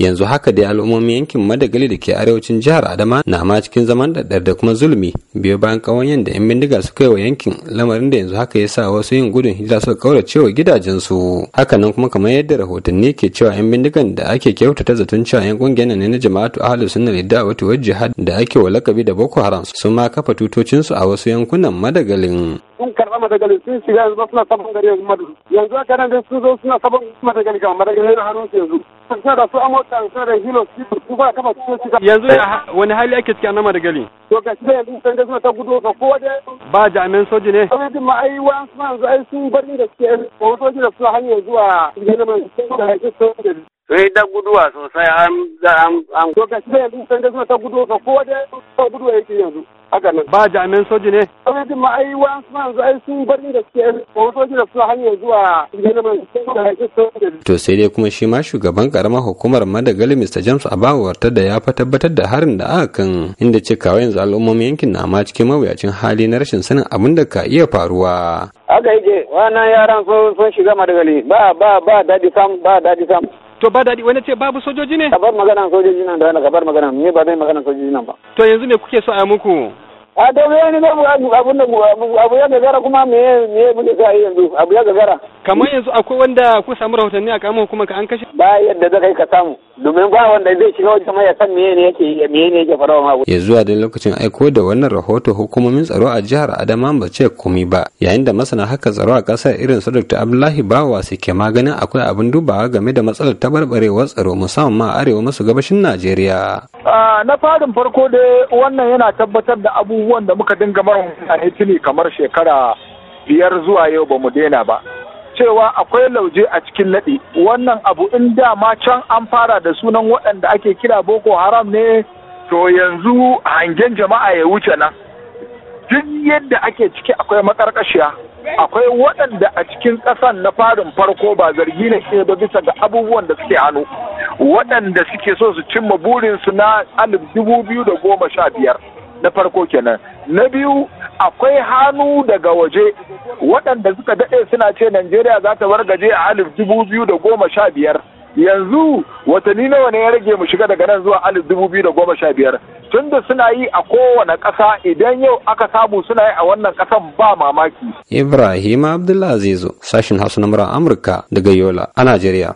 yanzu haka dai al'ummomin yankin madagali da ke arewacin jihar adama na ma cikin zaman da kuma zulumi biyo bayan ƙawanyen da 'yan bindiga suka yi wa yankin lamarin da yanzu haka ya sa wasu yin gudun hijira suka kaura cewa gidajensu hakanan kuma kamar yadda rahotanni ke cewa 'yan bindigan da ake kyautata zaton cewa 'yan ƙungiyar ne na jama'atu ahlus sunna lidda wata wajihad da ake wa lakabi da boko haram sun ma kafa tutocinsu a wasu yankunan madagalin sun karɓa madagali sun shiga yanzu suna sabon gari yanzu madu yanzu aka nan sun zo suna sabon madagali kama madagali na hannun yanzu suna da su amurka suna da hilo su ba kafa tutoci yanzu wani hali ake ciki a na madagali to ga shi yanzu sun da suna ta gudu ka kowa dai ba jami'an soji ne sai sojojin ma ai wa su yanzu ai sun bar da suke ko soji da suna hanyar zuwa gidan mai soji da sai da guduwa sosai an an an to ga shi yanzu sai da suna ta gudu ka kowa dai guduwa yake yanzu haka nan ba jami'an soji ne sojoji ma ai wasu suna yanzu ai sun bar da suke ko soji da suna hanyar zuwa to sai dai kuma shi ma shugaban karamar hukumar madagali mr james abawa da ya fa tabbatar da harin da aka kan inda ce kawai yanzu al'ummomin yankin na ma cikin mawuyacin hali na rashin sanin abin da ka iya faruwa haka yake wannan yaran sun shiga madagali ba ba ba dadi sam ba dadi sam to ba daɗi wani ce babu sojoji ne ka bar magana sojoji nan da ka bar magana ni ba zai maganan sojoji nan ba to yanzu me kuke so a muku a da ne na abun da abu ya gagara kuma me me muke sa yanzu abu ya gagara kamar yanzu akwai wanda ku samu rahotanni a kamar kuma ka an kashe ba yadda zaka ka samu domin ba wanda zai shiga wajen mai san me ne yake me ne yake farawa ma ya zuwa da lokacin aiko da wannan rahoto hukumomin tsaro a jihar Adama ba ce komai ba yayin da masana haka tsaro a kasar irin su Dr. Abdullahi Bawa ke maganin akwai abin dubawa game da matsalar tabarbarewar tsaro musamman ma arewa maso gabashin Najeriya Ah, na farin farko dai wannan yana tabbatar da abubuwan da muka dinga mara mutane tuni kamar shekara biyar zuwa yau ba mu daina ba cewa akwai lauje a cikin laɗi wannan abu in dama can an fara da sunan waɗanda ake kira boko haram ne to yanzu hangen jama'a ya wuce nan duk yadda ake ciki akwai makarkashiya akwai waɗanda a cikin ƙasan na farin farko ba zargi ne ba bisa ga abubuwan da suke hannu waɗanda suke so su cimma burinsu na alif dubu biyu da goma sha biyar na farko kenan na biyu akwai hannu daga waje waɗanda suka daɗe suna ce najeriya za ta wargaje a alif dubu biyu da goma sha biyar yanzu watanni nawa ne ya rage mu shiga daga nan zuwa alif dubu biyu da goma sha biyar tunda suna yi a kowane ƙasa idan yau aka samu suna yi a wannan ƙasan ba mamaki. Ibrahim Abdullahi zo sashin Hausa na Amurka daga Yola a Najeriya.